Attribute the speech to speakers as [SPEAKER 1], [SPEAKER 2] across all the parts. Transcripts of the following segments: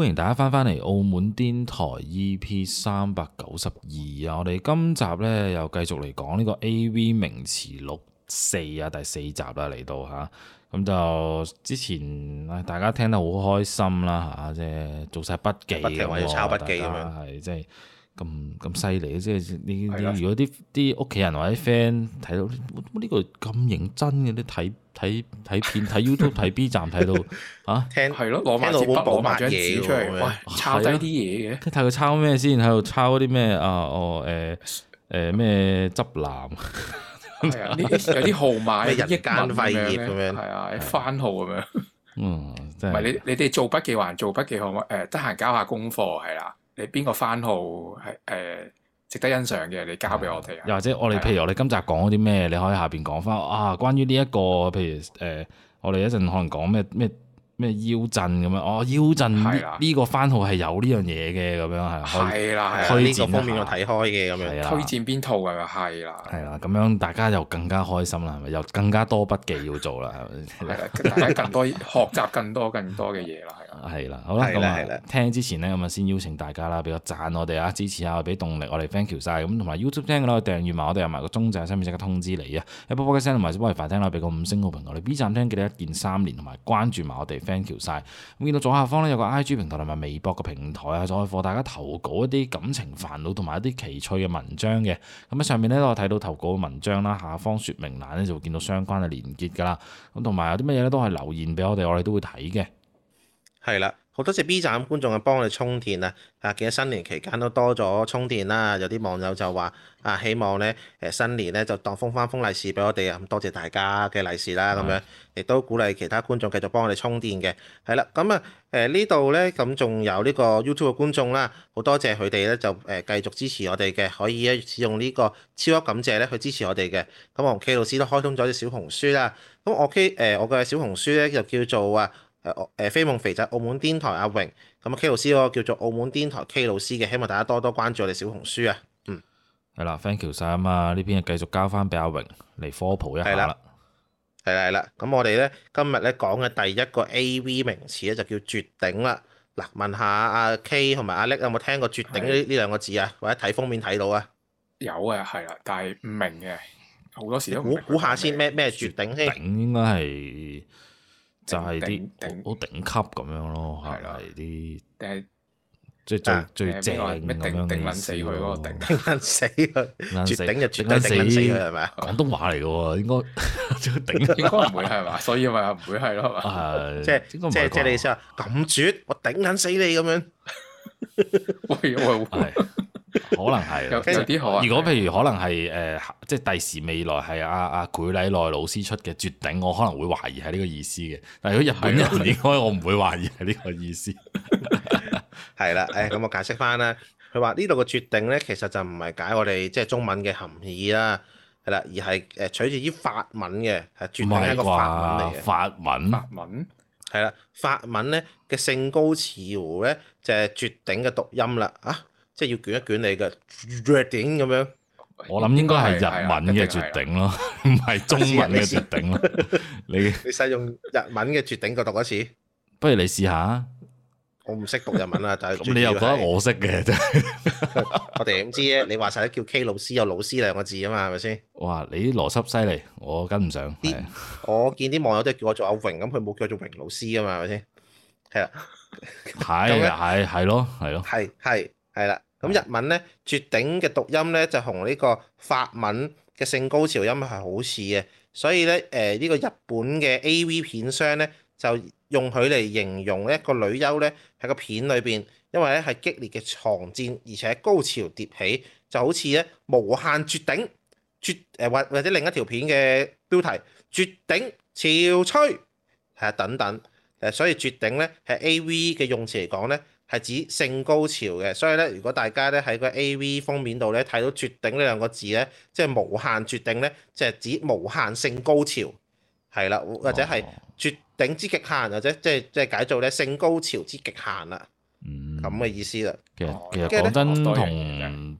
[SPEAKER 1] 歡迎大家翻返嚟《澳門癲台 EP 三百九十二》啊！我哋今集呢，又繼續嚟講呢個 A.V. 名詞錄四啊，第四集啦嚟到嚇，咁就之前、哎、大家聽得好開心啦嚇，即、啊、係做晒筆記或者抄筆記咁樣。家咁咁犀利嘅，即係你如果啲啲屋企人或者 friend 睇到，呢個咁認真嘅，啲睇睇睇片睇 YouTube 睇 B 站睇到啊，
[SPEAKER 2] 聽係咯，攞埋支筆攞埋張紙出嚟，抄低啲嘢
[SPEAKER 1] 嘅，睇佢抄咩先喺度抄啲咩啊？哦，誒誒咩執藍，係啊，有啲號碼一間廢業，係啊，
[SPEAKER 2] 番號咁樣，唔係你你哋做筆記還做筆記好嗎？誒，得閒交下功課係啦。你邊個番號係誒、呃、值得欣賞嘅？你交俾我哋。
[SPEAKER 1] 又或者我哋，譬如我哋今集講咗啲咩？的你可以下邊講返。啊，關於呢、這、一個，譬如誒、呃，我哋一陣可能講咩咩。咩腰震咁樣？哦，腰震呢個番號係有呢樣嘢嘅，咁樣係。係啦，係啦，呢個方面我睇開嘅，咁
[SPEAKER 3] 樣。
[SPEAKER 1] 推薦
[SPEAKER 2] 邊套係咪？係啦。
[SPEAKER 1] 係啦，咁樣大家又更加開心啦，係咪？又更加多筆記要做啦，係咪？係啦，更
[SPEAKER 2] 多學習更多更多嘅嘢啦。係啦，好啦，咁
[SPEAKER 1] 啊，聽之前呢，咁啊，先邀請大家啦，俾個讚我哋啊，支持下，俾動力我哋 thank you 晒。咁同埋 YouTube 聽嘅咧，訂閱埋我哋，埋個鐘仔，方便即刻通知你啊。Apple Podcast 同埋 Spotify 聽咧，俾個五星好評我哋。B 站聽，記得一鍵三連同埋關注埋我哋。Thank you 晒咁，見到左下方咧有個 IG 平台同埋微博個平台啊，係可以幫大家投稿一啲感情煩惱同埋一啲奇趣嘅文章嘅。咁喺上面咧都有睇到投稿嘅文章啦，下方說明欄咧就會見到相關嘅連結噶啦。咁同埋有啲乜嘢咧都係留言俾我哋，我哋都會睇嘅。
[SPEAKER 3] 係啦。好多謝 B 站觀眾嘅幫我哋充電啊！啊，記得新年期間都多咗充電啦，有啲網友就話：啊，希望咧誒新年咧就當封翻封利是俾我哋啊！咁多謝大家嘅利是啦，咁、啊、樣亦都鼓勵其他觀眾繼續幫我哋充電嘅。係、啊、啦，咁、嗯、啊誒呢度咧咁仲有呢個 YouTube 嘅觀眾啦，好多謝佢哋咧就誒繼續支持我哋嘅，可以咧使用呢個超級感謝咧去支持我哋嘅。咁我同 K 老師都開通咗隻小紅書啦，咁我 K 誒我嘅小紅書咧就叫做啊～誒，誒、呃，飛夢肥仔，澳門癲台阿榮，咁啊 K 老師嗰個叫做澳門癲台 K 老師嘅，希望大家多多關注我哋小紅書啊。
[SPEAKER 1] 嗯，係啦，thank you 晒啊嘛，呢邊啊繼續交翻俾阿榮嚟科普一下啦。係啦，
[SPEAKER 3] 係啦，咁我哋咧今日咧講嘅第一個 AV 名詞咧就叫絕頂啦。嗱，問下阿、啊、K 同埋阿叻有冇聽過絕頂呢呢兩個字啊？的或者睇封面睇到啊？有啊，係啦，但係唔明嘅，好多時都估估下先麼，咩咩絕頂先？
[SPEAKER 1] 頂應該係。就係啲好頂級咁樣咯，係啲即係最、啊、最，最正咁樣嘅頂頂撚死佢嗰個頂頂
[SPEAKER 2] 死佢，絕頂就絕頂，就頂死，頂死佢係
[SPEAKER 1] 咪啊？廣東話嚟嘅喎，應該頂應該唔
[SPEAKER 2] 會係嘛？ 所以咪唔會係咯，係即係即係即係你意思
[SPEAKER 3] 話？咁、 就係、絕，我頂撚死你咁樣。 一喂，喂，喂，
[SPEAKER 1] 可能係有啲可能。 如果譬如可能係誒、呃，即係第時未來係阿阿許禮奈老師出嘅絕頂，我可能會懷疑係呢個意思嘅。但係如果日本人點開， 哎、應該我唔會懷疑係呢個意思 。
[SPEAKER 3] 係、哎、啦，誒、嗯，咁我解釋翻啦。佢話呢度嘅絕頂咧，其實就唔係解我哋即係中文嘅含義啦，係啦，而係誒，取自於法文嘅係絕頂法文。法文。係啦，法文咧嘅性高潮咧就係絕頂嘅讀音啦，啊，即係要捲一捲你嘅，點咁樣？
[SPEAKER 1] 我諗應該係日文嘅絕頂咯，唔係頂 中文嘅絕頂咯、啊。你、
[SPEAKER 3] 啊、 你使 用，用日文嘅絕頂個讀一次，
[SPEAKER 1] 不如你試下
[SPEAKER 3] 我唔識讀日文啦，但係咁你又覺得我
[SPEAKER 1] 識嘅，真係
[SPEAKER 3] 我哋點知啫？你話晒叫 K 老師有老師兩個字啊嘛，係咪先？
[SPEAKER 1] 哇！你啲邏輯犀利，我跟唔上。
[SPEAKER 3] 我見啲網友都叫我做阿榮，咁佢冇叫我做榮老師啊嘛，係咪先？係啊，係
[SPEAKER 1] 係係咯，係咯，
[SPEAKER 3] 係係係啦。咁日文咧，絕頂嘅讀音咧，就同呢個法文嘅性高潮音係好似嘅，所以咧，誒呢個日本嘅 AV 片商咧。就用佢嚟形容一個女優咧，喺個片裏邊，因為咧係激烈嘅床戰，而且高潮迭起，就好似咧無限絕頂，絕誒或、呃、或者另一條片嘅標題絕頂潮吹係啊等等誒、啊，所以絕頂咧係 AV 嘅用詞嚟講咧係指性高潮嘅。所以咧如果大家咧喺個 AV 封面度咧睇到絕頂呢兩個字咧，即係無限絕頂咧就係、是、指無限性高潮係啦，或者係絕頂之極限或者即係即係解做咧性高潮之極限啦，咁嘅意思啦。
[SPEAKER 1] 其實其實講真，同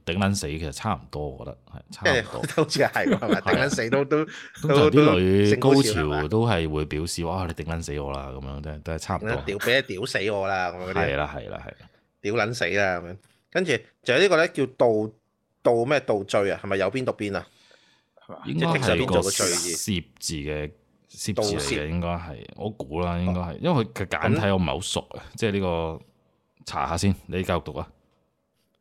[SPEAKER 1] 頂撚死其實差唔多，我覺得係差唔多，好
[SPEAKER 3] 似係，係咪？頂撚死都都都都，就啲女高潮
[SPEAKER 1] 都係會表示哇，你頂撚死我啦咁樣，都都係差唔多。屌
[SPEAKER 3] 俾你屌死我啦咁樣嗰啲。係啦係啦係啦，屌撚死啦咁樣。跟住仲有呢個咧叫盜盜咩盜罪啊？係咪有邊讀邊啊？係嘛？應該係個
[SPEAKER 1] 涉字嘅。攝字嚟嘅應該係，我估啦，應該係，因為佢簡體我唔係好熟啊，哦、即係、這、呢個查下先，你繼續讀啊。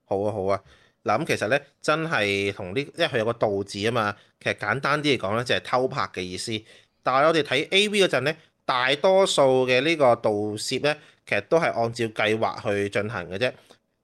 [SPEAKER 3] 好啊，好啊。嗱咁其實咧，真係同呢，因為佢有個盜字啊嘛，其實簡單啲嚟講咧，就係、是、偷拍嘅意思。但係我哋睇 A.V 嗰陣咧，大多數嘅呢個盜攝咧，其實都係按照計劃去進行嘅啫，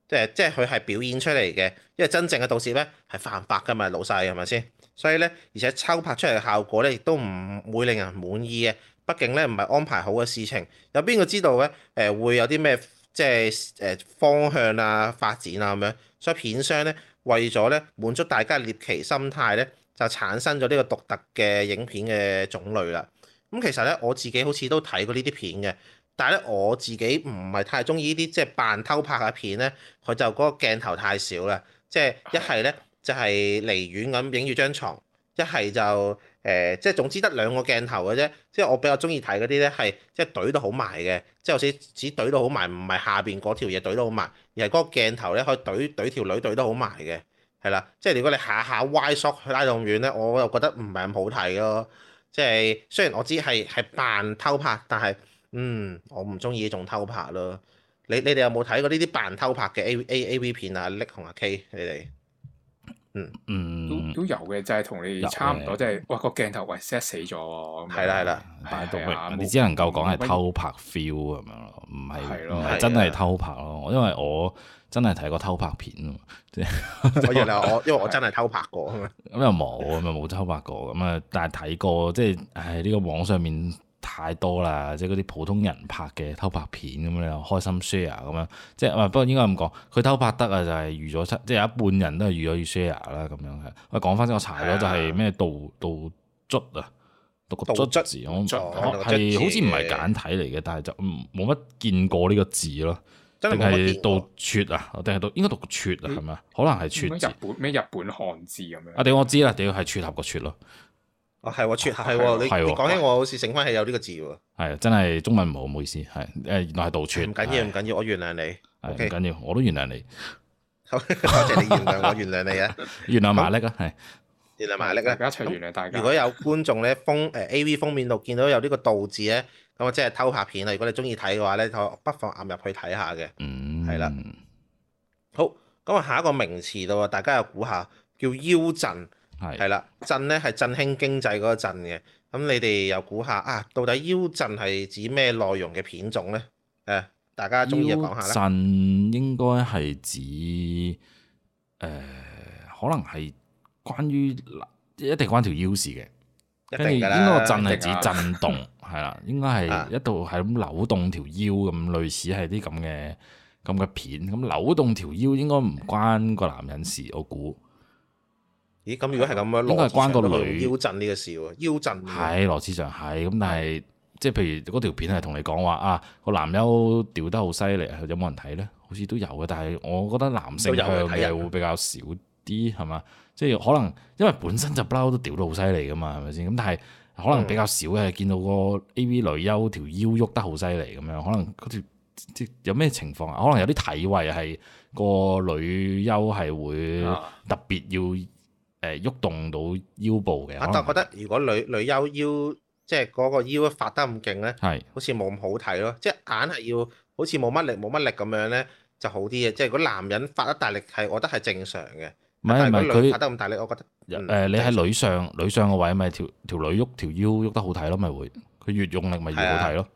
[SPEAKER 3] 即係即係佢係表演出嚟嘅。因為真正嘅盜攝咧，係犯法嘅嘛，老細係咪先？是所以咧，而且偷拍出嚟嘅效果咧，亦都唔會令人滿意嘅。畢竟咧，唔係安排好嘅事情。有邊個知道咧？誒，會有啲咩？即係誒方向啊、發展啊咁樣。所以片商咧，為咗咧滿足大家獵奇心態咧，就產生咗呢個獨特嘅影片嘅種類啦。咁其實咧，我自己好似都睇過呢啲片嘅，但係咧我自己唔係太中意呢啲即係扮偷拍嘅片咧，佢就嗰個鏡頭太少啦。即係一係咧。就係離遠咁影住張床，一係就誒、是，即、呃、係總之得兩個鏡頭嘅啫。即、就、係、是、我比較中意睇嗰啲咧，係即係懟到好埋嘅，即係好似只懟到好埋，唔係下邊嗰條嘢懟到好埋，而係嗰個鏡頭咧可以懟懟條女懟到好埋嘅，係啦。即係如果你下下歪縮去拉咁遠咧，我又覺得唔係咁好睇咯。即、就、係、是、雖然我知係係扮偷拍，但係嗯，我唔中意呢種偷拍咯。你你哋有冇睇過呢啲扮偷拍嘅 A, A A A V 片啊？Nick 同阿 K，你哋。嗯，都都有嘅，就係同你差唔多，即係，哇個鏡頭哇 set 死咗，係啦係啦，
[SPEAKER 1] 係啊，你只能夠講係偷拍 feel 咁樣咯，唔係，係咯，唔係真係偷拍咯， 因為我真係睇過偷拍片，啊嘛，我原來，我
[SPEAKER 3] 因為我真係偷拍過，
[SPEAKER 1] 咁又冇，咁又冇偷拍過，咁啊，但係睇過，即係，唉呢個網上面。太多啦，即係嗰啲普通人拍嘅偷拍片咁樣，又開心 share 咁樣，即係啊，不過應該咁講，佢偷拍得啊就係預咗出，即、就、係、是、有一半人都係預咗要 share 啦咁樣嘅。我講翻先，我查咗、啊、就係咩？道道卒啊，讀個卒字，卒我係好似唔係簡體嚟嘅，但係就冇乜見過呢個字咯。定係讀撮啊？定係讀應該讀撮啊？係咪啊？可能係撮字。日
[SPEAKER 2] 本咩日本漢
[SPEAKER 3] 字咁樣？
[SPEAKER 1] 啊！定我知啦，定係撮合個撮咯。
[SPEAKER 3] 哦，係喎，撮客係喎你你講起我好似醒翻係有呢個字喎。
[SPEAKER 1] 係，真係中文唔好，唔好意思，係誒，原來係盜串。唔緊要，唔
[SPEAKER 3] 緊要，我原諒你。
[SPEAKER 1] 唔緊要，我都原諒你。
[SPEAKER 3] 好，多謝你原諒我，原諒你啊！原諒埋力啊，係，原
[SPEAKER 1] 諒埋力啊。一齊原諒大家。如
[SPEAKER 3] 果有觀眾咧封誒 A V 封面度見到有呢個盜字咧，咁啊即係偷拍片啦。如果你中意睇嘅話咧，就不妨入去睇下嘅。嗯。係啦。好，咁啊下一個名詞度，大家又估下，叫腰震。係係啦，的震咧，係振興經濟嗰個震嘅，咁你哋又估下啊？到底腰震係指咩內容嘅片種咧？誒、啊，大家中意講下咧？腰
[SPEAKER 1] 震應該係指誒、呃，可能係關於一定關條腰事嘅，一定嘅啦。跟住應該個震係指震動，係啦定、啊， 應該係一度係咁扭動條腰咁，類似係啲咁嘅咁嘅片，咁扭動條腰應該唔關個男人事，我估。
[SPEAKER 3] 咦，咁如果係咁樣，應該係關個女腰震呢個事喎？腰震？係
[SPEAKER 1] 羅志祥係咁，但係即係譬如嗰條片係同你講話啊，個男優吊得好犀利，有冇人睇咧？好似都有嘅，但係我覺得男性嘅係會比較少啲，係嘛？即係可能因為本身就不嬲都吊得好犀利噶嘛，係咪先？咁但係可能比較少嘅見到個 A.V. 女優條腰喐得好犀利咁樣，可能嗰條即係有咩情況啊？可能有啲體位係個女優係會特別要。誒喐動到腰部嘅，我覺
[SPEAKER 3] 得如果女女優腰即係嗰個腰發得咁勁咧，係好似冇咁好睇咯。即係硬係要好似冇乜力冇乜力咁樣咧就好啲嘅。即係如果男人發得大力係，我覺得係正常嘅。
[SPEAKER 1] 唔係唔係女發得咁
[SPEAKER 3] 大力，我覺得誒你喺
[SPEAKER 1] 女上女上個位咪條條女喐條腰喐得好睇咯，咪會佢越用力咪越好睇咯。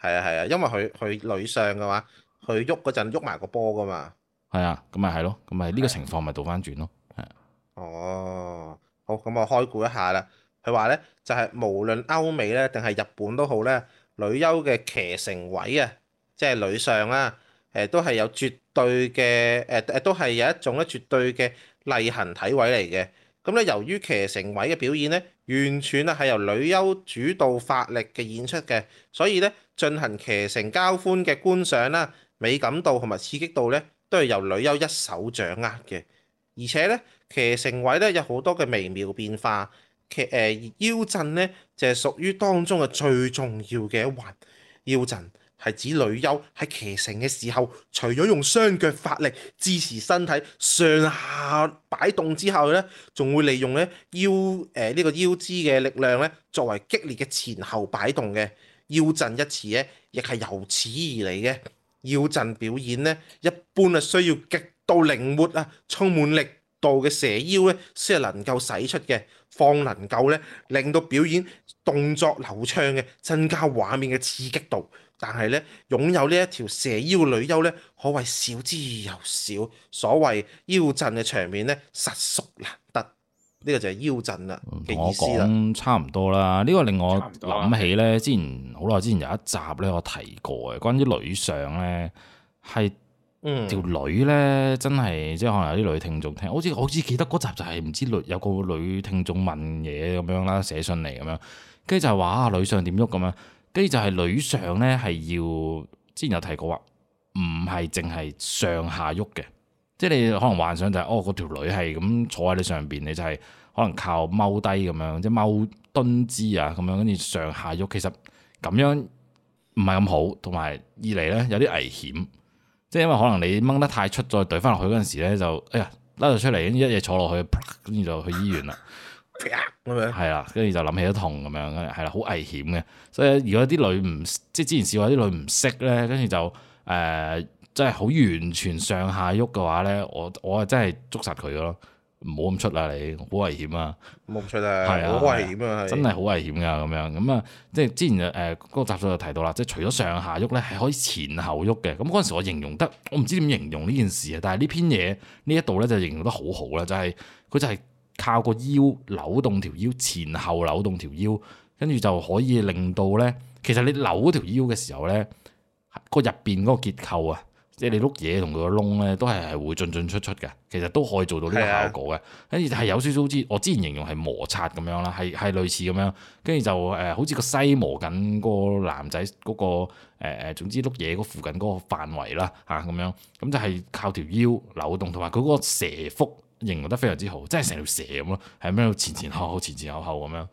[SPEAKER 3] 係啊係啊，因為佢佢女上嘅話，佢喐嗰陣喐埋個波噶嘛。
[SPEAKER 1] 係啊，咁咪係咯，咁咪呢個情況咪倒翻轉咯。
[SPEAKER 3] 哦，好，咁我開估一下啦。佢話咧，就係、是、無論歐美咧定係日本都好咧，女優嘅騎乘位啊，即係女上啊，誒、呃，都係有絕對嘅，誒、呃、誒，都係有一種咧絕對嘅例行體位嚟嘅。咁、嗯、咧，由於騎乘位嘅表演咧，完全啊係由女優主導發力嘅演出嘅，所以咧進行騎乘交歡嘅觀賞啦，美感度同埋刺激度咧，都係由女優一手掌握嘅。而且咧，騎乘位咧有好多嘅微妙變化，其誒腰震咧就係屬於當中嘅最重要嘅一環。腰震係指女優喺騎乘嘅時候，除咗用雙腳發力支持身體上下擺動之後咧，仲會利用咧腰誒呢、呃這個腰肢嘅力量咧作為激烈嘅前後擺動嘅。腰震一詞咧亦係由此而嚟嘅。腰震表演咧一般係需要激到靈活啊，充滿力度嘅蛇腰咧，先係能夠使出嘅，方能夠咧令到表演動作流暢嘅，增加畫面嘅刺激度。但係咧，擁有呢一條蛇腰女優咧，可謂少之又少。所謂腰震嘅場面咧，實屬難得。呢、這個就係腰震啦嘅意思啦，
[SPEAKER 1] 差唔多啦。呢、這個令我諗起咧，之前好耐之前有一集咧，我提過嘅，關於女上咧係。條、嗯、女咧真係即係可能有啲女聽眾聽，好似好似記得嗰集就係唔知女有個女聽眾問嘢咁樣啦，寫信嚟咁樣，跟住就係話啊女上點喐咁樣，跟住就係女上咧係要之前有提過話，唔係淨係上下喐嘅，即係你可能幻想就係、是、哦嗰條女係咁坐喺你上邊，你就係可能靠踎低咁樣，即係踎蹲，蹲姿啊咁樣，跟住上下喐，其實咁樣唔係咁好，同埋二嚟咧有啲危險。即係因為可能你掹得太出再懟翻落去嗰陣時咧就，哎呀甩咗出嚟，一嘢坐落去，跟住就去醫院啦，係啦， 跟住就諗起都痛咁樣，係啦，好危險嘅。所以如果啲女唔即係之前試過啲女唔識咧，跟住就誒，即係好完全上下喐嘅話咧，我我係真係捉實佢㗎咯。唔好咁出啦，你好危險啊！冇出啊，係啊，好危險啊，真係好危險噶咁樣咁啊！即係之前誒嗰個集數就提到啦，即係除咗上下喐咧，係可以前後喐嘅。咁嗰陣時我形容得，我唔知點形容呢件事啊。但係呢篇嘢呢一度咧就形容得好好啦，就係、是、佢就係靠個腰扭動條腰，前後扭動條腰，跟住就可以令到咧。其實你扭條腰嘅時候咧，個入邊嗰個結構啊。即係你碌嘢同佢個窿咧，都係係會進進出出嘅，其實都可以做到呢個效果嘅。跟住就係有少少，我之前形容係摩擦咁樣啦，係係類似咁樣。跟住就誒、呃，好似個西磨緊個男仔嗰、嗰個誒誒、呃，總之碌嘢嗰附近嗰個範圍啦吓咁樣。咁就係靠條腰扭動，同埋佢嗰個蛇腹形容得非常之好，即係成條蛇咁咯，係咪前前後後前前後後咁樣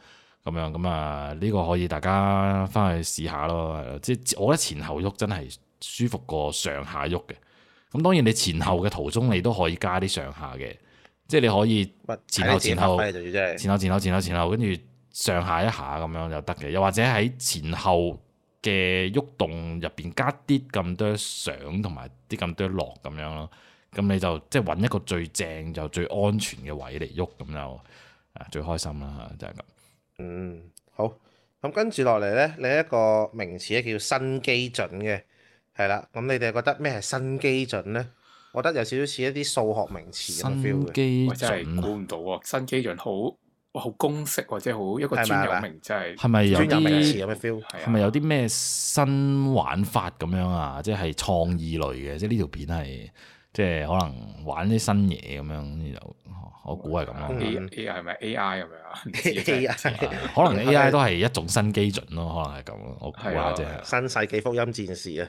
[SPEAKER 1] 咁樣咁啊！呢、呢個可以大家翻去試下咯。即係我覺得前後喐真係。舒服過上下喐嘅，咁當然你前後嘅途中你都可以加啲上下嘅，即係你可以前後前後是前後前後前後前後跟住上下一下咁樣就得嘅，又或者喺前後嘅喐動入邊加啲咁多上同埋啲咁多落咁樣咯，咁你就即係揾一個最正又最安全嘅位嚟喐咁就最開心啦，就係咁。嗯，好，
[SPEAKER 3] 咁跟住落嚟呢，另一個名詞咧叫新基準嘅。係啦，咁、嗯、你哋覺得咩係新基準咧？我覺得有少少似一啲數學名詞咁樣嘅 feel 真係估唔到啊！新基準好，好公式，或者好一個專有名，即係。係咪
[SPEAKER 1] 有啲名詞？係咪有啲咩新玩法咁樣啊？即係創意類嘅，即係呢條片係，即係可能玩啲新嘢咁樣。我估係咁咯。嗯、A A 係咪 A I
[SPEAKER 3] 咁樣啊？A A 可能 A I
[SPEAKER 1] 都係一種新基準咯，可能係咁咯。我估下啫。的
[SPEAKER 3] 新世紀福音戰士啊！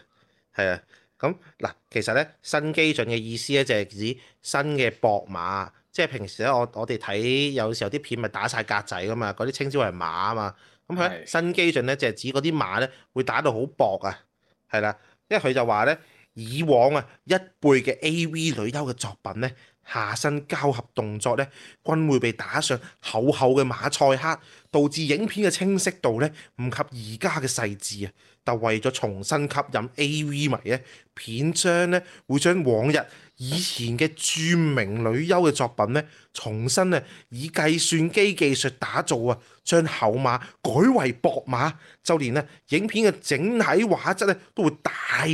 [SPEAKER 3] 係啊，咁嗱，其實咧新基準嘅意思咧就係指新嘅薄馬，即係平時咧我我哋睇有時候啲片咪打晒格仔噶嘛，嗰啲稱之為馬啊嘛，咁佢咧新基準咧就係指嗰啲馬咧會打到好薄啊，係啦，因為佢就話咧以往啊一輩嘅 AV 女優嘅作品咧下身交合動作咧均會被打上厚厚嘅馬賽克，導致影片嘅清晰度咧唔及而家嘅細緻啊。就為咗重新吸引 AV 迷咧，片商咧會將往日以前嘅著名女優嘅作品咧重新咧以計算機技術打造啊，將厚碼改為薄碼，就連咧影片嘅整體畫質咧都會大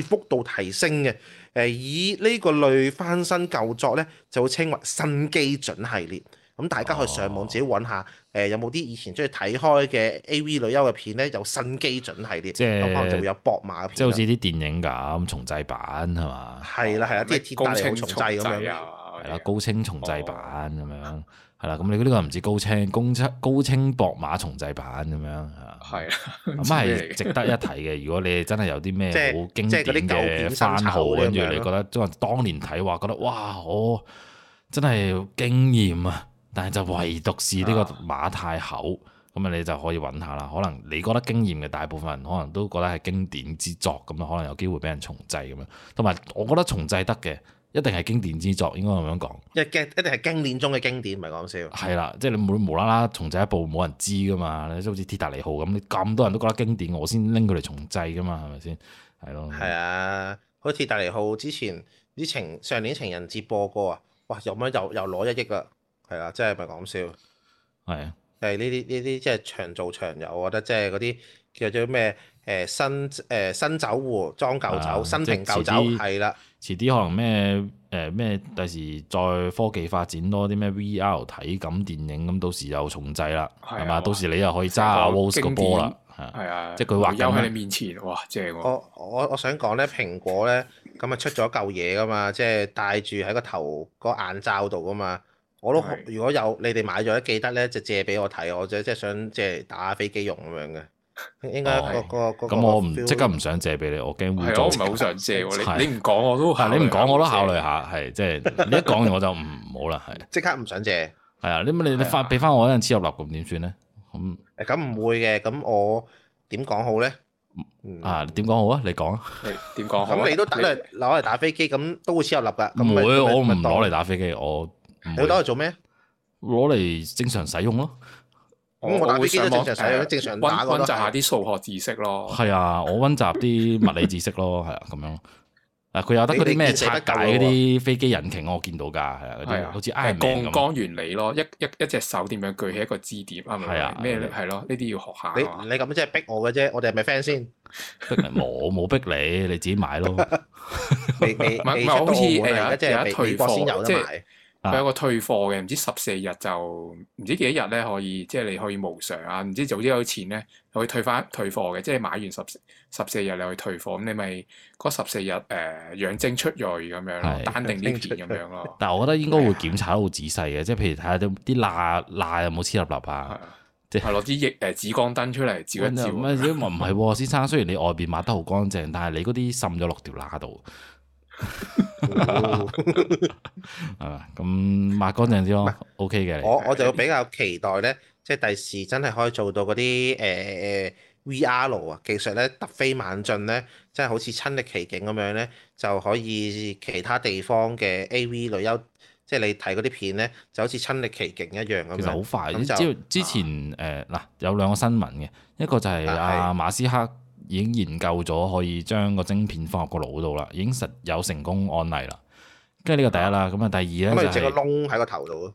[SPEAKER 3] 幅度提升嘅。誒，以呢個類翻新舊作咧，就會稱為新基準系列。咁大家去上網自己揾下，誒有冇啲以前中意睇開嘅 A.V. 女優嘅片咧？有新基準系列，咁可能就會有博馬嘅片，即係好似
[SPEAKER 1] 啲電影咁重製版係嘛？
[SPEAKER 3] 係啦，係啦、哦，啲高清重製咁、啊、樣，
[SPEAKER 1] 係啦，高清重製版咁樣，係啦、哦。咁你呢個唔止高清，高清高清博馬重製版咁樣嚇。係啊，咁係值得一提嘅。如果你真係有啲咩好經典嘅番號，跟住你覺得即係當年睇話，覺得哇，我真係驚豔啊！但係就唯獨是呢個馬太口咁啊，你就可以揾下啦。可能你覺得經驗嘅大部分人可能都覺得係經典之作咁咯，可能有機會俾人重製咁樣。同埋我覺得重製得嘅一定係經典之作，應該咁樣講。
[SPEAKER 3] 一一定係經典中嘅經典，唔係講笑。係
[SPEAKER 1] 啦， 即係你冇無啦啦重製一部冇人知噶嘛，即好似《鐵達尼號》咁，咁多人都覺得經典，我先拎佢嚟重製噶嘛，係咪先？係咯。係啊的，好似《鐵
[SPEAKER 3] 達尼號》之前啲情上年情人節播過啊，哇！又咩又又攞一億啦～係啦，即係咪係講笑，係啊的，誒呢啲呢啲即係長做長有，我覺得即係嗰啲叫做咩誒、呃、新誒、呃、新酒壺裝舊酒，新瓶舊酒係
[SPEAKER 1] 啦。遲啲可能咩誒咩第時再科技發展多啲咩 V R 睇咁電影咁，到時又重製啦，係嘛的？吧到時你又可以揸下 w 波啦，
[SPEAKER 3] 係啊，的即係佢畫緊喺你面前，哇，正喎、啊！我我我想講咧，蘋果咧咁啊出咗一嚿嘢噶嘛，即係戴住喺個頭個眼罩度噶嘛。我都如果有你哋買咗記得咧就借俾我睇，我就即係想借打飛機用咁樣嘅，應該個個個咁我唔即刻唔
[SPEAKER 1] 想借俾你，我驚污糟。係我唔係好想借喎，你你唔講我都係你唔講我都考慮下，係即係你一講完我就唔好啦，係
[SPEAKER 3] 即刻唔想借。
[SPEAKER 1] 係啊，你咪你你翻俾翻我嗰陣黐入笠咁點算咧？咁
[SPEAKER 3] 誒咁唔會嘅，咁我點講好咧？
[SPEAKER 1] 啊點講好啊？你講啊？點講好？咁你都等嚟
[SPEAKER 3] 攞嚟打飛機，咁都會黐入笠㗎。唔會，我唔
[SPEAKER 1] 攞嚟打飛機，我。你攞嚟做咩？攞嚟正常使用咯。
[SPEAKER 3] 咁我打飛機都正常使用，正常打。溫溫
[SPEAKER 1] 習
[SPEAKER 2] 下啲數學知識咯。係
[SPEAKER 1] 啊，我溫習啲物理知識咯。係啊，咁樣。啊，佢有得嗰啲咩拆解嗰啲飛機引擎，我見到噶。係啊，好似 Iron Man。槓桿
[SPEAKER 2] 原理咯，一一一隻手點樣舉起一個支點，係咪啊？咩咧？係咯，呢啲要學下。你
[SPEAKER 3] 你咁即係逼我嘅啫，我哋係咪 friend 先？我冇逼你，你自己買咯。你你唔係好似有有退貨先有得買？佢、啊、有個退貨嘅，唔知
[SPEAKER 2] 十四日就唔知幾多日咧可以，即係你可以無償啊？唔知早啲有錢咧，可以退翻退貨嘅，即係買完十十四日你去退貨，咁你咪嗰十四日誒養精蓄鋭咁樣咯，淡是定啲咁樣咯。
[SPEAKER 1] 但係我覺得應該會檢查得好仔細嘅，即係、啊、譬如睇下啲啲罅罅有冇黐立立啊，即係攞啲液誒紫光燈出嚟照一照。咁啊唔係先生，雖然你外邊抹得好乾淨，但係你嗰啲滲咗落條罅度。係咁抹乾淨啲咯，OK 嘅。我
[SPEAKER 3] 我就比較期待咧，即係第時真係可以做到嗰啲誒 VR 啊技術咧突飛猛進咧，即係好似親歷其境咁樣咧，就可以其他地方嘅 AV 旅遊，即係你睇嗰啲片咧，就,是、就好似親歷其境一樣咁。其實好快，咁就
[SPEAKER 1] 之前誒嗱、呃呃、有兩個新聞嘅，一個就係阿馬斯克。已經研究咗可以將個晶片放入個腦度啦，已經實有成功案例啦。跟住呢個第一啦，咁啊第二咧就整個窿喺個
[SPEAKER 3] 頭度咯。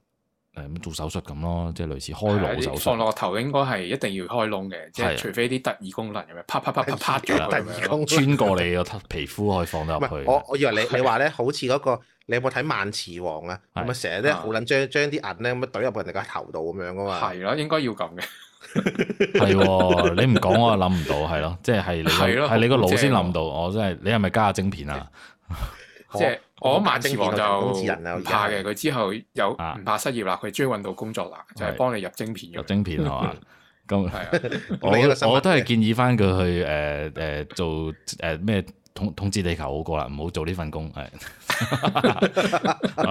[SPEAKER 1] 誒咁做手術咁咯，即係類似開腦手術。放
[SPEAKER 2] 落個頭應該係一定要開窿嘅，的即係除
[SPEAKER 3] 非啲特異功能咁樣，啪啪啪啪啪嘅。特異功能穿
[SPEAKER 1] 過你個皮膚可以放得入去。 我我以為你
[SPEAKER 3] 你話咧，好似嗰、嗰個你有冇睇《萬磁王》啊？係咪成日咧好撚將將啲銀咧咁樣懟入去人哋個頭度咁樣噶嘛。係啦的的，應該要咁嘅。
[SPEAKER 1] 係、 啊，你唔講我啊諗唔到，係咯、啊，即係係係你個腦先諗到我，我真係，你係咪加下晶片啊？即 係 我萬磁王就唔怕嘅，
[SPEAKER 2] 佢之後又唔怕失業啦，佢終於搵到工作啦，就係幫你入晶片入晶片係嘛，
[SPEAKER 1] 咁 那 對我我都係建議翻佢去誒誒、呃呃、做誒咩？呃通統治地球好過啦，唔好做呢份工。係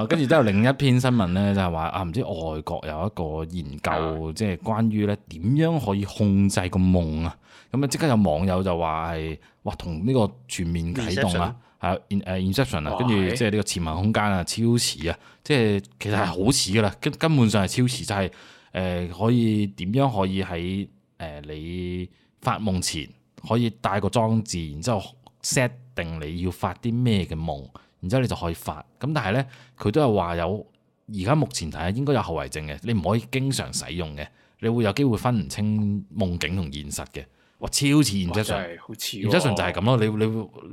[SPEAKER 1] 跟住之後，另一篇新聞咧就係話啊，唔知外國有一個研究，即係關於咧點樣可以控制個夢啊。咁啊，即刻有網友就話係哇，同呢個全面啟動啊，係誒 inception 啊，跟住即係呢個潛行空間啊，超似啊，即係其實係好似噶啦，根、嗯、根本上係超似就係、是、誒可以點樣可以喺誒你發夢前可以戴個裝置，然之後。set 定你要發啲咩嘅夢，然之後你就可以發。咁但係呢，佢都係話有而家目前睇應該有後遺症嘅，你唔可以經常使用嘅，你會有機會分唔清夢境同現實嘅。哇，超似現實上，好似現實上就係咁咯。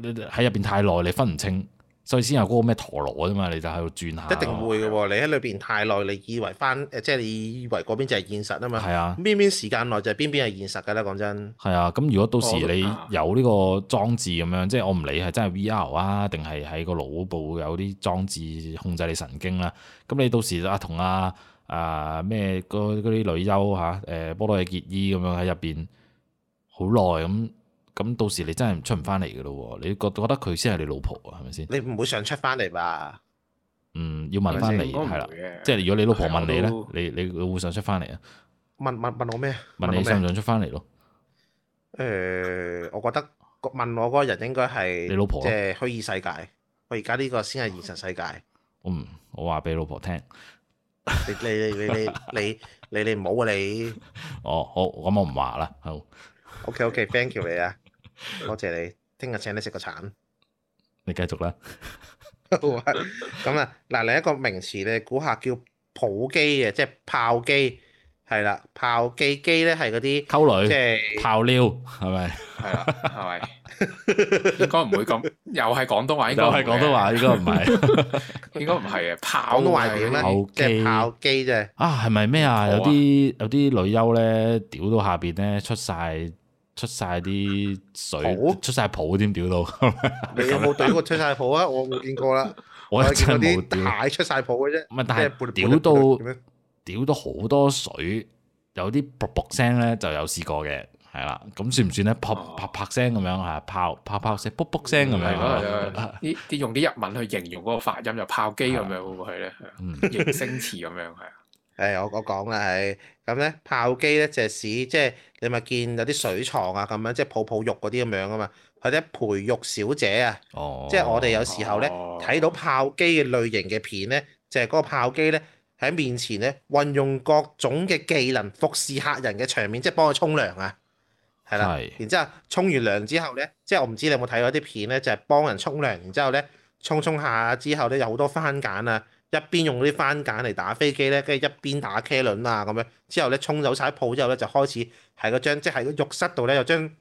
[SPEAKER 1] 你你你喺入邊太耐，你分唔清。所以先有嗰個咩陀螺啫嘛，你就喺度轉下。一定
[SPEAKER 3] 會嘅喎，你喺裏邊太耐，你以為翻誒，即係你以為嗰邊就係現實啊嘛。係啊，邊邊時間內就邊邊係現實㗎啦，講真。
[SPEAKER 1] 係啊，咁如果到時你有呢個裝置咁樣，即係我唔理係真係 VR 啊，定係喺個腦部有啲裝置控制你神經啦。咁你到時啊，同阿啊咩嗰啲女優嚇誒、啊、波多野結衣咁樣喺入邊好耐咁。咁到時你真係出唔翻嚟嘅咯？你覺覺得佢先係你老婆啊？係咪先？你唔
[SPEAKER 3] 會想出翻嚟吧？
[SPEAKER 1] 嗯，要問翻嚟係啦，即係了如果你老婆問你咧還有，你你會唔會想出翻嚟啊？
[SPEAKER 3] 問問問我咩？問你，你想唔想出翻嚟咯？誒、呃，我覺得問我嗰個人應該係你老婆，即係虛擬世界。我而家呢個先係現實世界。
[SPEAKER 1] 嗯，我話俾老婆聽，你
[SPEAKER 3] 你你你你你你唔好啊你。
[SPEAKER 1] 哦，好，咁我唔話啦。好。
[SPEAKER 3] OK OK，thank you 你啊。多謝你，聽日請你食個橙，
[SPEAKER 1] 你繼續啦。
[SPEAKER 3] 咁啊，嗱，另一個名詞咧，估吓叫炮機嘅，即係炮機，係啦，炮機機咧係嗰啲溝女，即係炮
[SPEAKER 1] 尿，係咪？係啦，係
[SPEAKER 3] 咪？應該唔會咁，又係廣東話，又
[SPEAKER 1] 係廣東話，應該唔係，應
[SPEAKER 3] 該唔係啊，炮機咩？即係炮機啫。
[SPEAKER 1] 啊，係咪咩啊？有啲有啲女優咧，屌到下邊咧，出晒。出晒啲水，普出晒泡添。屌到，你有冇對
[SPEAKER 3] 過出晒泡啊？ 我冇見過啦，我係嗰啲蟹出晒泡嘅啫。唔係是，但係屌到
[SPEAKER 1] 屌到好多水，有啲噗噗聲咧，就有試過嘅，係啦。咁算唔算咧？啪啪啪，啪聲咁樣嚇，泡泡泡聲，卜卜聲咁樣。係咯，
[SPEAKER 2] 啲啲用啲日文去形容嗰個發音就炮機咁樣，會唔會係咧？嗯，形 聲詞咁樣係
[SPEAKER 3] 誒，我我講啦，係咁咧，炮機咧就係使，即係你咪見有啲水床啊，咁樣即係泡泡浴嗰啲咁樣啊嘛，或者培育小姐啊，哦、即係我哋有時候咧睇到炮機嘅類型嘅片咧，哦、就係嗰個炮機咧喺面前咧運用各種嘅技能服侍客人嘅場面，即係幫佢沖涼啊，係啦係、係，然之後沖完涼之後咧，即係我唔知你有冇睇過啲片咧，就係幫人沖涼，然之後咧沖沖下之後咧有好多番梘啊。一邊用啲番梘嚟打飛機咧，跟住一邊打茄輪啊咁樣，之後咧沖走晒鋪之後咧，就開始喺嗰張即係喺個浴室度咧，又將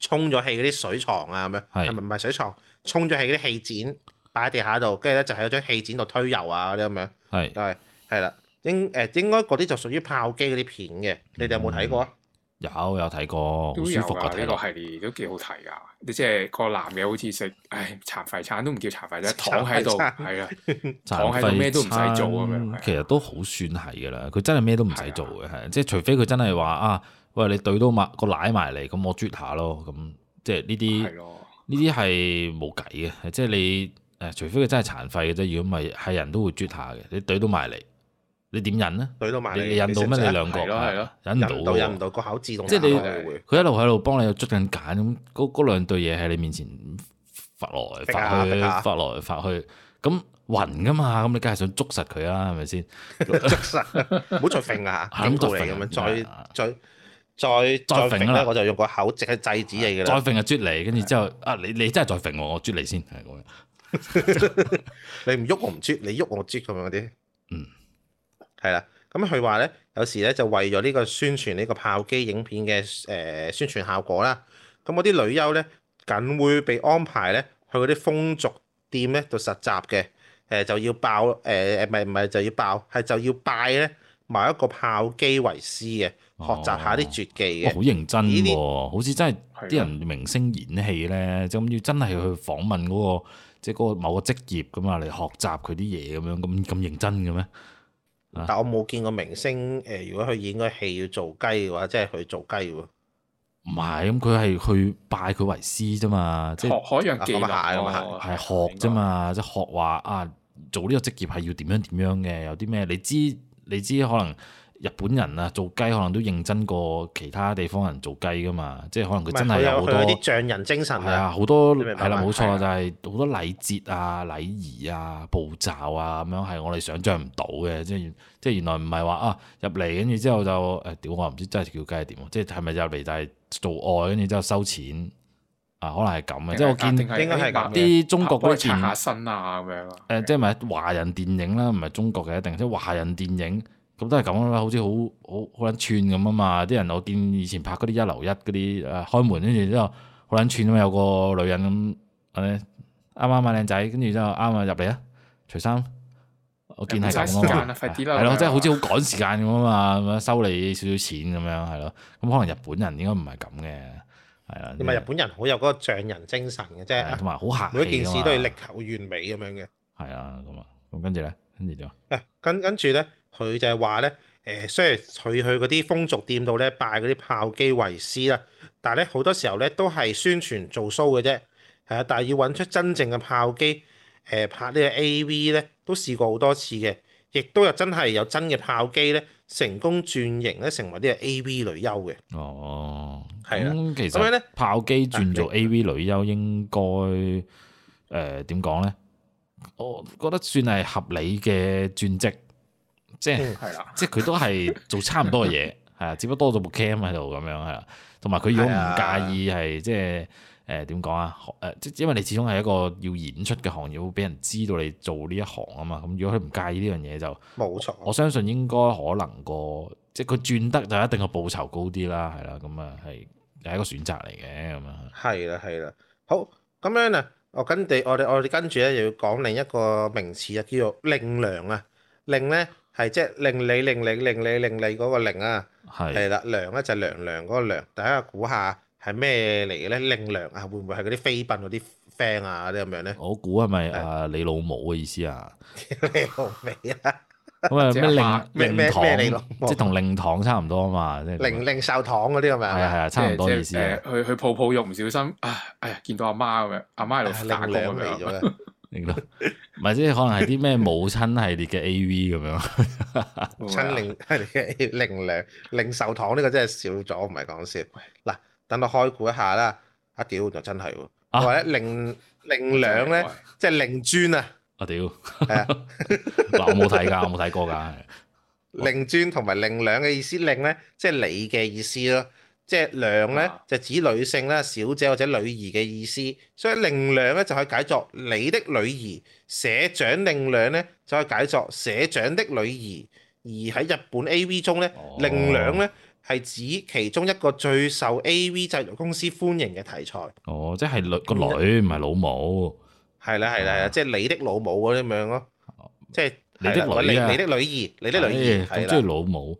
[SPEAKER 3] 充咗氣嗰啲水床啊咁樣，係咪唔係水床充咗氣嗰啲氣墊擺喺地下度，跟住咧就喺嗰張氣墊度推油啊啲咁樣，係係係啦，應誒應該嗰啲就屬於炮機嗰啲片嘅，你哋有冇睇過啊？嗯
[SPEAKER 1] 有有睇過，
[SPEAKER 2] 好舒服啊！呢過個系列都幾好睇噶，即係個男嘅好似食，唉，殘廢餐都唔叫殘廢啫，躺喺度係啊，躺喺度咩都唔使做， 廢對
[SPEAKER 1] 其實都好算係噶啦，佢真係咩都唔使做嘅，係即係除非佢真係話啊，喂，你懟到埋個奶埋嚟，咁我啜下咯，咁即係呢啲呢啲係冇計嘅，即係的、就是、你誒，除非佢真係殘廢嘅啫，如果唔係係人都會啜下嘅，你懟到埋嚟。你點忍呢？忍到咩？你兩個係咯，忍唔到，忍唔
[SPEAKER 3] 到個口自動即係你，
[SPEAKER 1] 佢一路喺度幫你捉緊揀咁，嗰嗰兩對嘢喺你面前發來發去，發來發去咁暈噶嘛？咁你梗係想捉實佢啦，係咪先？捉
[SPEAKER 3] 實，唔好再揈啊！咁嚟咁樣，再
[SPEAKER 1] 再再再揈咧，我就
[SPEAKER 3] 用個口直接制止你噶啦。再揈
[SPEAKER 1] 就啜你，跟住之後啊，你你真係再揈我，我啜你先係咁樣。
[SPEAKER 3] 你唔喐我唔啜，你喐我啜咁樣嗰啲。係啦，咁佢話咧，有時咧就為咗呢個宣傳呢個炮機影片嘅誒、呃、宣傳效果啦，咁嗰啲女優咧，梗會被安排咧去嗰啲風俗店咧度實習嘅，誒就要爆誒誒，唔係唔係就要爆，係、呃、就，就要拜咧，某一個炮機為師嘅，哦、學習下啲絕技嘅，好、哦、認真、啊。呢好似真係啲人
[SPEAKER 1] 明星演戲咧，就咁、是、要真係去訪問嗰、嗰個即係嗰個某個職業噶嘛，嚟學習佢啲嘢咁樣，咁咁認真嘅咩？但我
[SPEAKER 3] 冇見過明星，誒、呃，如果佢演個戲要做雞嘅話，即係去做雞喎。
[SPEAKER 1] 唔係，咁佢係去拜佢為師啫嘛，即係學一樣技巧，係學啫嘛，即係學話啊，做呢個職業係要點樣點樣嘅，有啲咩，你知你知可能。日本人啊，做雞可能都認真過其他地方人做雞噶嘛，即係可能佢真係有好多啲
[SPEAKER 3] 匠人精神。係啊，好
[SPEAKER 1] 多係啦，冇錯，啊、就係好多禮節啊、禮儀啊、步驟啊咁樣，係我哋想象唔到嘅。即係即係原來唔係話啊入嚟，跟住之後就誒屌、哎，我唔知真係叫雞係點，即係係咪入嚟就係做愛，跟住之後收錢啊？可能係咁嘅。即係我見應該係啲中國嗰啲擦下
[SPEAKER 2] 身啊咁
[SPEAKER 1] 樣。誒，即係咪華人電影啦？唔係中國嘅，一定即係華人電影。咁都係咁啊，好似好好好撚串咁啊嘛！啲人我見以前拍嗰啲一流一嗰啲，誒開門，跟住之後好撚串啊，有個女人咁誒啱啱啊靚仔，跟住之後啱啊、嗯、入嚟啊，除衫，我見係咁快啲啊，係咯是，真係好似好趕時間咁啊嘛， 收你少少錢咁樣係咯。咁可能日本人應該唔係咁嘅，係啊。因為日
[SPEAKER 3] 本人好有嗰個匠人精神嘅啫，同埋好客氣啊嘛。每一件事都係力求完美咁樣嘅。係啊，咁啊，
[SPEAKER 1] 咁跟住咧，跟住點啊？跟跟住咧。佢
[SPEAKER 3] 就係話咧，誒，雖然佢去嗰啲風俗店度咧拜嗰啲炮機為師啦，但係咧好多時候咧都係宣傳做 show 嘅啫，係啊，但係要揾出真正嘅炮機誒拍呢個 AV 咧，都試過好多次嘅，亦都有真係有真嘅炮機咧成功轉型咧成為呢個 AV 女優嘅。哦，係啊，其實所以咧，
[SPEAKER 1] 炮機轉做 AV 女優應該誒點講咧？我覺得算係合理嘅轉職。即係，係啦、嗯，即係佢都係做差唔多嘅嘢，係啊， 只不過多咗部 cam 喺度咁樣係啦，同埋佢如果唔介意係即係誒點講啊？誒，即、呃、因為你始終係一個要演出嘅行業，要俾人知道你做呢一行啊嘛。咁如果佢唔介意呢樣嘢就冇錯我，我相信應該可能個即係佢轉得就一定係報酬高啲啦，係啦，咁啊係係一個選擇嚟嘅咁啊。
[SPEAKER 3] 係啦係啦，好咁樣啊！我跟地我哋我哋跟住咧又要講另一個名詞啊，叫做令良啊。令咧係即係令你令你令你令你嗰個令啊，係啦是，娘咧就娘娘嗰個娘，大家估下係咩嚟嘅咧？令娘啊，會唔會係嗰啲妃嬪嗰啲 friend 啊嗰啲咁樣咧？我
[SPEAKER 1] 估係咪啊？你老母嘅意思啊？
[SPEAKER 3] 你老味啊！咁啊咩令咩咩咩即
[SPEAKER 1] 係同令堂差唔多啊嘛！令
[SPEAKER 3] 令壽堂嗰啲係咪啊？係啊係啊，差唔多意思，就
[SPEAKER 1] 是。
[SPEAKER 2] 去去抱抱肉唔小心啊！哎呀，見到阿媽咁樣，阿媽喺度打我咁樣寧寧
[SPEAKER 1] 唔係即係可能係啲咩母親系列嘅 A.V. 咁樣， 母親零
[SPEAKER 3] 系列嘅零兩零售堂呢個真係少咗，唔係講笑。嗱，等我開估一下啦，啊屌就真係喎，或者零零兩咧，即係令尊啊，我屌，我冇睇噶，我冇睇過噶。令尊同埋零兩嘅意思，令咧即係你嘅意思咯。即係娘咧，就指女性啦，小姐或者女兒嘅意思。所以令娘咧就可以解作你的女兒，社長令娘咧就可以解作社長的女兒。而喺日本 AV 中咧，令娘咧係指其中一個最受 AV 製作公司歡迎嘅題材。
[SPEAKER 1] 哦，即係女個女唔係老母。係啦係
[SPEAKER 3] 啦，即係你的老母啲咁樣咯，即係你的女，你的女兒，你的女兒，唔中意老母。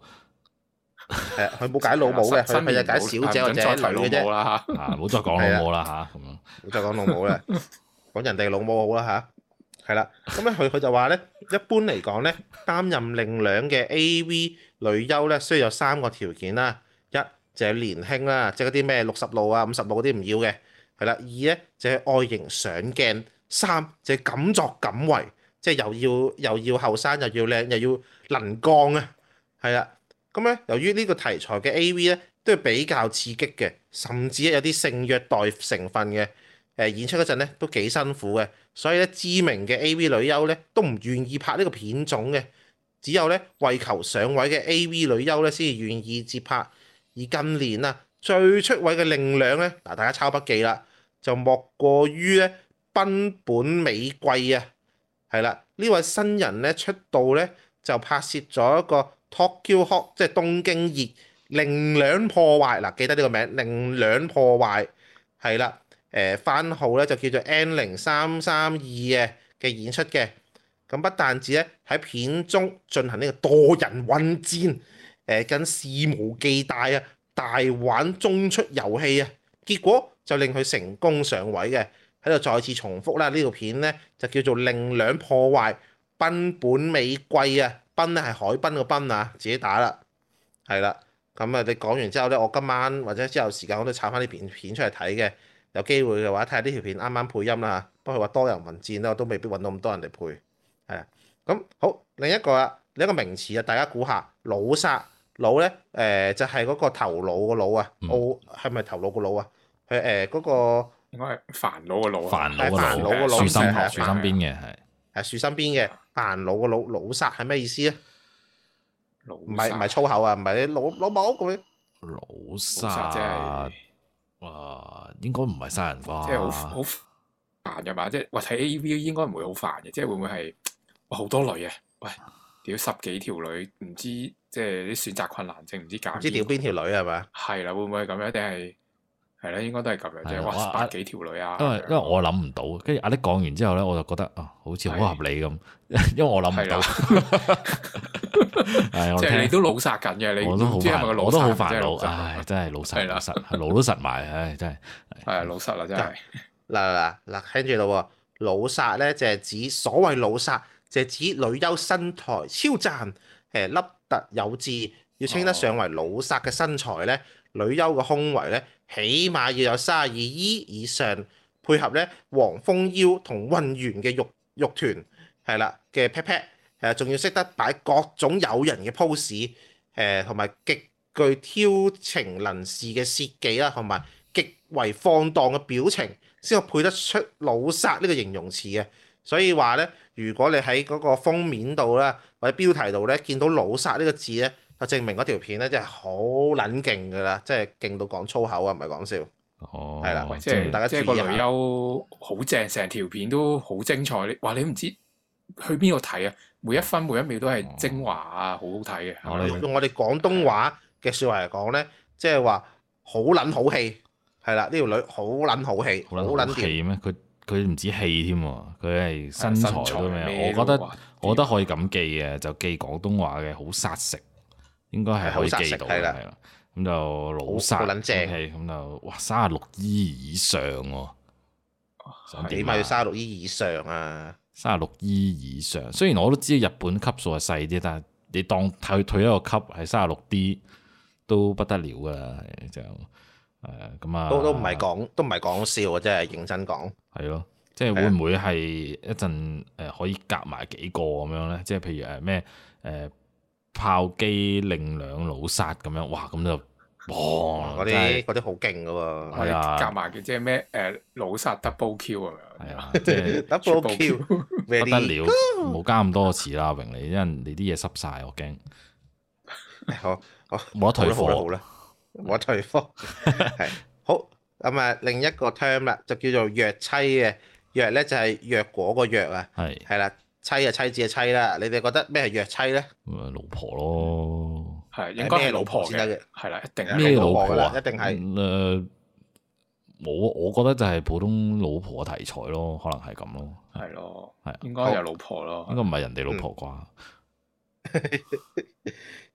[SPEAKER 3] 係，佢冇解老母嘅，佢咪就解小姐或者女嘅啫。吓，唔好再講老母啦吓，咁樣唔好再講老母啦，講人哋老母好啦吓，係啦。咁咧佢佢就話咧，一般嚟講咧，擔任另兩嘅 AV 女優咧，需要有三個條件啦。一就係年輕啦，即係嗰啲咩六十路啊、五十路嗰啲唔要嘅，係啦。二咧就係外形上鏡，三就係敢作敢為，即係又要又要後生，又要靚，又要能幹啊，係啦。咁咧，由於呢個題材嘅 A.V. 咧都係比較刺激嘅，甚至有啲性虐待成分嘅，誒、呃、演出嗰陣咧都幾辛苦嘅，所以咧知名嘅 A.V. 女優咧都唔願意拍呢個片種嘅，只有咧為求上位嘅 A.V. 女優咧先至願意接拍。而今年啊最出位嘅另兩咧嗱，大家抄筆記啦，就莫過於咧賓本美貴啊，係啦，呢位新人咧出道咧就拍攝咗一個 Tokyo Hot 即係東京熱，零兩破壞嗱、啊，記得呢個名。零兩破壞，係啦，誒、呃、番號咧就叫做 N 零三三二嘅嘅演出嘅。咁、啊、不但止咧，喺片中進行呢個多人混戰，誒更肆無忌憚啊，大玩中出遊戲啊，結果就令佢成功上位嘅。喺度再次重複啦，這個、呢條片咧就叫做《零兩破壞》。賓本美貴啊！賓咧係海濱個賓啊，自己打啦，係啦。咁、嗯、啊，你講完之後咧，我今晚或者之後時間我都炒翻啲片片出嚟睇嘅。有機會嘅話，睇下呢條片啱啱配音啦嚇。不過話多人文混戰，我都未必揾到咁多人嚟配。係啊。咁、嗯、好，另一個啊，另一個名詞啊，大家估下，老殺腦咧，誒、呃、就係、是、嗰個頭腦個腦啊，奧係咪頭腦個腦啊？佢誒嗰個應該係煩惱個腦啊，喺煩惱個腦，樹嘅係。係樹身邊嘅扮老嘅老老沙係咩意思啊？唔係唔係粗
[SPEAKER 1] 口啊？唔係啲老老母咁樣。老沙即係哇，應該唔係殺人啩。即係好好
[SPEAKER 2] 煩嘅嘛，即係我睇 A V 應該唔會好煩嘅，即係會唔會係好多女啊？喂，屌十幾條女，唔知即係啲選擇困難症，唔知揀唔知屌邊條女係咪？係啦，會唔會係咁樣？定係？係啦，應該都係咁樣啫。我阿幾條女啊？因
[SPEAKER 1] 為因為我諗唔到，跟住阿叻講完之後咧，我就覺得啊，好似好合理咁，因為我諗唔到。即係你都老
[SPEAKER 3] 實緊嘅，你我都好，我都好煩惱。唉，真係老實老
[SPEAKER 1] 實，腦都實埋，唉，真係係
[SPEAKER 3] 老實啦，真係嗱嗱嗱嗱，聽住咯。老實咧就係指所謂老實，就指女優身材超讚，誒，凹凸有致，要稱得上為老實嘅身材咧。女優嘅胸圍咧，起碼要有三十二 E 以上，配合咧黃蜂腰同渾圓嘅肉肉團，係啦嘅 pat pat，誒仲要識得擺各種誘人嘅 pose，誒同埋極具挑情能事嘅設計啦，同埋極為放蕩嘅表情，先可配得出老曬呢個形容詞嘅。所以話咧，如果你喺嗰個封面度啦，或者標題度咧，見到老曬呢個字咧，就證明嗰條片咧，真係好撚勁噶啦！即係勁到講粗口啊，唔係講笑，係啦，即係大家注意即係個女優
[SPEAKER 2] 好正，成條片都好精彩。你話！你唔知去邊度睇啊？每一分每一秒都係精華啊，好好睇
[SPEAKER 1] 嘅。用
[SPEAKER 3] 我哋廣東話嘅説話嚟講咧，即係話好撚好氣，係啦。呢條女好撚好氣，好撚好
[SPEAKER 1] 氣咩？佢佢唔止氣添喎，佢係身材都咩我覺得我覺得可以咁記嘅，就記廣東話嘅好殺食。應該係可以記到係啦，咁就老實講，O K，咁就哇三啊六 E 以上哦，起碼要三啊六 E 以上啊，三啊六 E 以上。雖然我都知日本級數係細啲，但係你當睇，退一個級係三啊六 D 都不得了噶啦，就係啊
[SPEAKER 3] 咁啊，都都唔係講都唔係講笑啊，笑真係認真講
[SPEAKER 1] 係咯，即係會唔會係一陣誒可以夾埋幾個咁樣咧？即係譬如誒咩誒。呃炮機令兩老殺咁樣，哇咁就哇，嗰啲
[SPEAKER 3] 嗰啲好勁噶
[SPEAKER 2] 喎，
[SPEAKER 1] 係啊，夾埋
[SPEAKER 2] 嘅即係咩誒老殺 double Q 啊，係啊
[SPEAKER 1] ，double Q，不得了，冇加咁多次啦榮你，因為你啲嘢濕晒，我驚，好，我冇得退貨啦，冇得
[SPEAKER 3] 退貨，係好咁啊，另一個 term 啦，就叫做藥妻嘅藥咧，就係藥果個藥啊，係係啦。妻啊，妻子嘅妻啦，你哋覺得咩係若妻咧？
[SPEAKER 1] 老婆咯，係
[SPEAKER 3] 應該係老婆先得嘅，係啦，一定係咩老，老，老婆啊？一定係
[SPEAKER 1] 誒，我、呃、我覺得就係普通老婆嘅題材咯，可能係咁咯，係咯的，係啊的，應該係老婆咯，應該唔係人哋老婆啩、嗯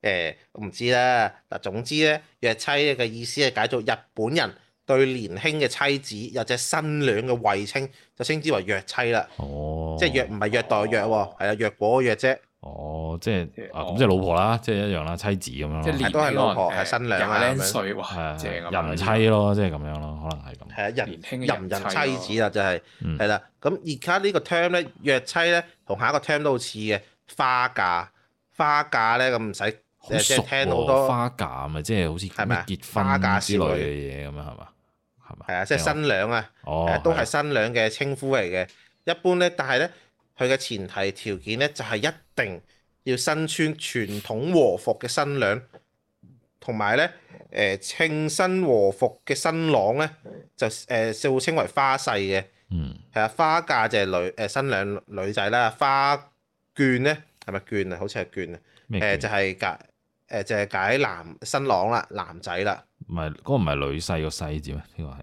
[SPEAKER 3] 欸？我唔知啦，嗱總之咧若妻嘅意思係解做日本人。對年輕嘅妻子又隻新娘嘅謂稱，就稱之為若妻啦。哦，即係若唔係虐待虐喎，係啊若嗰個若啫。哦，
[SPEAKER 1] 即係啊咁即係老婆啦，即係一樣啦，妻子咁樣即係都係老婆，
[SPEAKER 3] 係新娘啊，靚女哇，正人妻咯，
[SPEAKER 1] 即係咁樣咯，可
[SPEAKER 3] 能係咁。係啊，人年輕人妻子啦就係係啦，咁而家呢個 term 咧若妻咧，同下一個 term 都好似嘅花嫁。花嫁咧咁唔使聽好多。花
[SPEAKER 1] 嫁咪，即係好似結婚之類嘅嘢咁啊，係嘛？係啊，即係新
[SPEAKER 3] 娘啊，哦、都係新娘嘅稱呼嚟嘅。一般咧，但係咧，佢嘅前提條件咧，就係、是、一定要身穿傳統和服嘅新娘，同埋咧，誒、呃，稱新和服嘅新郎咧，就誒，俗、呃、稱為花婿嘅。嗯，係啊，花嫁就係女誒、呃、新娘女仔啦，花眷咧係咪眷啊？好似係眷啊。誒、呃、就係解誒就係、是、解男新郎啦，男仔啦。
[SPEAKER 1] 唔係，嗰個唔係女婿個婿字咩？呢個係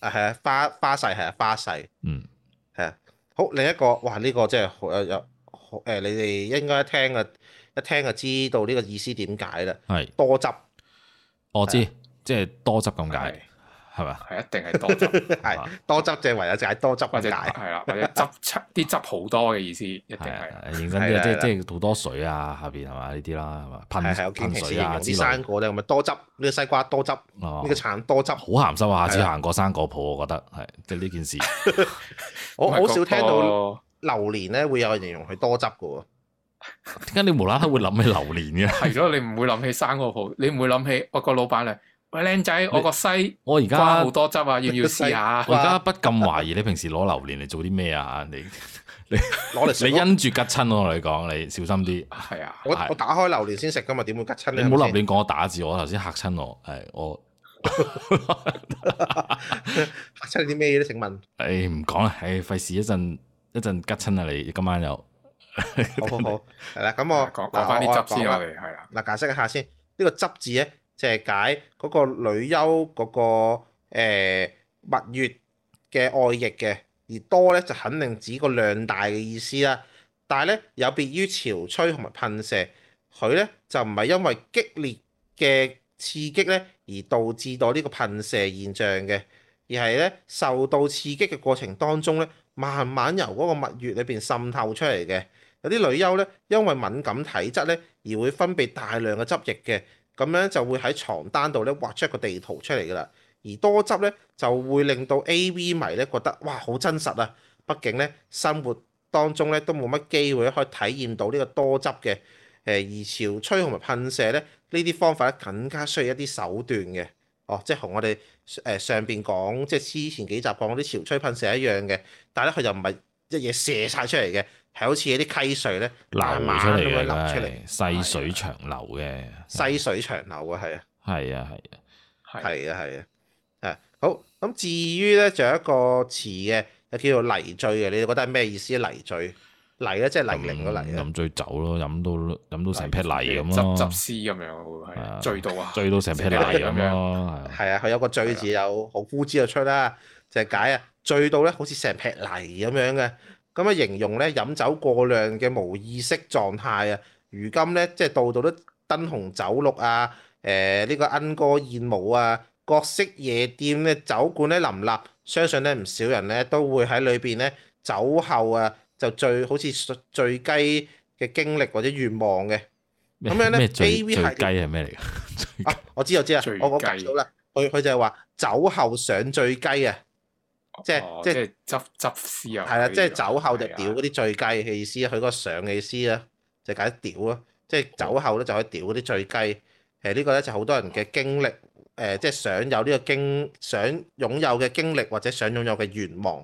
[SPEAKER 3] 啊，係啊，花花婿係啊，花婿，嗯，係啊，好，另一個，哇，呢個即係，有有，誒，你哋應該一聽啊，一聽啊，知道呢個意思點解啦？係多汁？
[SPEAKER 1] 我知，即係多汁咁解。
[SPEAKER 3] 係嘛？係一定係多汁，係多汁即係唯有就係多汁或者大，係啦，或者汁出啲汁好多嘅意思，一定係認真啲，即係即係
[SPEAKER 1] 好多水啊，下邊係嘛呢啲啦，係嘛噴水啊，唔止生
[SPEAKER 3] 果啫，咁咪多汁呢個西瓜多汁，呢個橙多汁，好鹹
[SPEAKER 1] 濕啊，下次行過生果鋪，我覺得係即係呢件事。
[SPEAKER 3] 我好少聽到榴蓮咧會有人形容佢多汁噶
[SPEAKER 1] 點解你無啦啦會諗起榴蓮嘅？係咯，你唔
[SPEAKER 3] 會諗起生果鋪，你唔會諗起我個老闆娘。喂，靚仔，我個西，我而家好多汁啊，要要試下。我而家
[SPEAKER 1] 不禁懷疑你平時攞榴蓮嚟做啲咩啊？你你你因住吉親我同你講，你小心啲。係啊，我我打
[SPEAKER 3] 開榴蓮先食噶嘛，點會吉親你？你唔好立亂
[SPEAKER 1] 講我打字，我頭先嚇親我，係我
[SPEAKER 3] 嚇親你啲咩嘢咧？請問，
[SPEAKER 1] 誒唔講啦，誒費事一陣一陣吉親啊！你今晚又好好
[SPEAKER 3] 係啦，咁我講翻啲汁先，我哋係啦。嗱，解釋一下先，呢個汁字咧。即係解嗰個女優嗰、嗰個、欸、蜜月嘅愛液嘅，而多咧就肯定指個量大嘅意思啦。但係咧有別於潮吹同埋噴射，佢咧就唔係因為激烈嘅刺激咧而導致到呢個噴射現象嘅，而係咧受到刺激嘅過程當中咧，慢慢由嗰個蜜月裏邊滲透出嚟嘅。有啲女優咧因為敏感體質咧而會分泌大量嘅汁液嘅。咁咧就會喺床單度咧畫出一個地圖出嚟㗎啦，而多汁咧就會令到 A.V 迷咧覺得哇好真實啊！畢竟咧生活當中咧都冇乜機會可以體驗到呢個多汁嘅。誒，而潮吹同埋噴射咧呢啲方法呢，更加需要一啲手段嘅。哦，即係同我哋誒、呃、上邊講，即係之前幾集講嗰啲潮吹噴射一樣嘅，但係咧佢就唔係一嘢射晒出嚟嘅。係好似有啲溪水咧流出嚟咁流出嚟，
[SPEAKER 1] 細水長流嘅。
[SPEAKER 3] 細水長流啊，係啊，
[SPEAKER 1] 係啊，係啊，係啊，
[SPEAKER 3] 啊好，咁至於咧，就有一個詞嘅，就叫做泥醉嘅。你哋覺得係咩意思？泥醉泥咧，即係泥濘嗰泥啊。
[SPEAKER 1] 飲醉酒咯，飲到飲到成劈泥咁咯，執執
[SPEAKER 3] 屍咁樣啊，對醉到啊，醉到成劈泥咁樣。係啊，佢有個醉字有好枯枝就出啦，就係解啊醉到咧，好似成劈泥咁樣嘅。咁啊，形容咧飲酒過量嘅無意識狀態啊！如今咧，即係度度都燈紅酒綠啊，誒、呃、呢、這個鶯歌燕舞啊，各式夜店咧、酒館咧林立，相信咧唔少人咧都會喺裏邊咧酒後啊，就最好似醉醉雞嘅經歷或者願望嘅。
[SPEAKER 1] 咁樣咧卑 V 醉雞係咩嚟㗎？啊，
[SPEAKER 3] 我知我知啊雞，我我記到啦。佢佢就係話酒後想醉雞啊！即係、哦、即係是執執屍啊！係啊，即係酒後就屌嗰啲醉雞嘅意思，佢個的上嘅意思啦，就搞啲屌咯。即係酒後咧就可以屌嗰啲醉雞。誒呢、哦、個咧就好多人嘅經歷誒、哦呃，即係想有呢個經想擁有嘅經歷或者想擁有嘅願望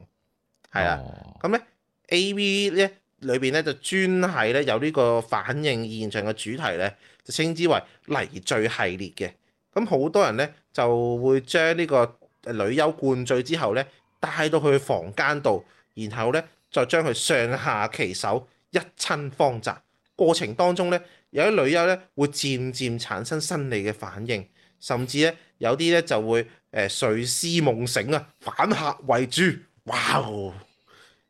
[SPEAKER 3] 係啦。咁咧、哦、A.V. 咧裏邊咧就專係咧有呢個反映現場嘅主題咧，就稱之為泥醉系列嘅。咁好多人咧就會將呢個女優灌醉之後咧。帶到佢房間度，然後咧再將佢上下其手一親芳澤。過程當中咧，有啲女優咧會漸漸產生生，生理嘅反應，甚至咧有啲咧就會誒、呃、睡思夢醒啊，反客為主。哇、wow!！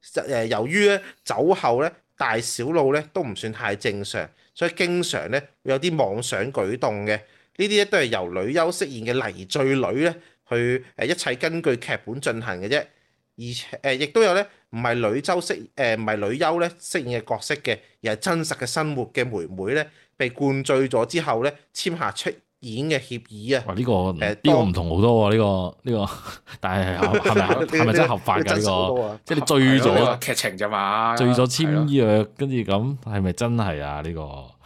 [SPEAKER 3] 誒由於咧酒後咧大小腦咧都唔算太正常，所以經常咧會有啲妄想舉動嘅。呢啲咧都係由女優飾演嘅泥醉女咧。佢誒一切根據劇本進行嘅啫，而誒亦都有咧，唔係女周飾誒唔係女優咧飾演嘅角色嘅，而係真實嘅生活嘅妹妹咧被灌醉咗之後咧，簽下出演嘅協
[SPEAKER 1] 議啊！哇，呢個誒呢個唔同好多喎，呢個呢個，但係係咪係咪真合法㗎呢個？即係你醉咗
[SPEAKER 3] 劇情啫嘛，醉
[SPEAKER 1] 咗簽約跟住咁係咪真係啊呢個？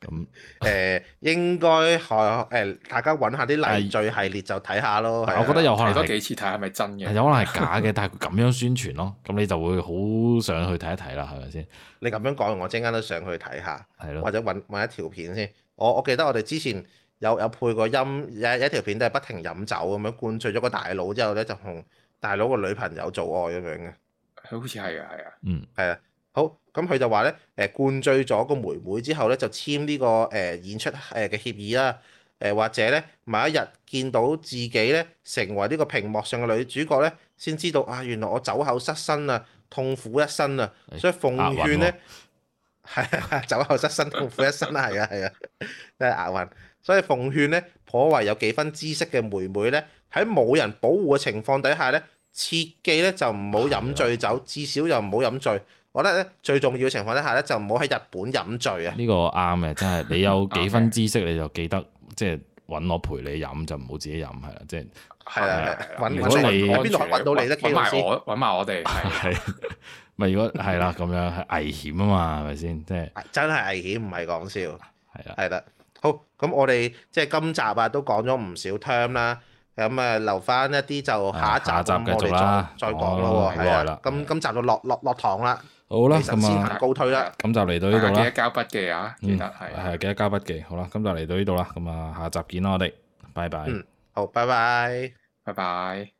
[SPEAKER 1] 咁誒，嗯、
[SPEAKER 3] 應該係誒，大家搵下啲例序系列就睇下咯。我覺得有可能睇多幾次睇係咪真嘅，有可能係假嘅。
[SPEAKER 1] 但係佢咁樣宣傳咯，咁你就會好想去睇一睇啦，係咪先？
[SPEAKER 3] 你咁樣講，我陣間都上去睇下，係咯的？或者搵搵一條片先。我我記得我哋之前有有配過音，有一條片都係不停飲酒咁樣灌醉咗個大佬之後咧，就同大佬個女朋友做愛咁樣嘅。佢好似係啊，係啊。嗯，係啊。好，咁佢就話咧，誒灌醉咗個妹妹之後咧，就簽呢個誒演出誒嘅協議啦。誒或者咧，某一日見到自己咧成為呢個屏幕上嘅女主角咧，先知道啊，原來我酒後失身啊，痛苦一生啊。所以奉勸咧，係啊，酒後失身痛苦一生啊，係啊係啊，真係牙煙。所以奉勸咧，頗為有幾分知識嘅妹妹咧，喺冇人保護嘅情況底下咧，切記咧就唔好飲醉酒，至少又唔好飲醉。我覺得咧最重要情況之下咧，就唔好喺日本飲醉啊！
[SPEAKER 1] 呢個啱嘅，真係你有幾分知識你就記得，即係揾我陪你飲就唔好自己飲係啦，即係。係啊，揾揾到你，
[SPEAKER 3] 揾到你得先。揾埋我，揾埋我哋。係
[SPEAKER 1] 咪，如果係啦咁樣係危險啊嘛，係咪先？即係
[SPEAKER 3] 真係危險，唔係講笑。係啦，係啦，好咁我哋即係今集啊都講咗唔少 term 啦，咁誒留翻一啲就下一集我哋再再講啦，係啊，咁今集就落落落堂啦。
[SPEAKER 1] 好啦，咁啊，告退啦，咁就嚟到呢度啦。記得交筆記啊，記得係係，記得交筆記。好啦，咁就嚟到呢度啦。咁啊，下集見啦，我哋，拜拜。嗯，
[SPEAKER 3] 好，拜拜，拜拜。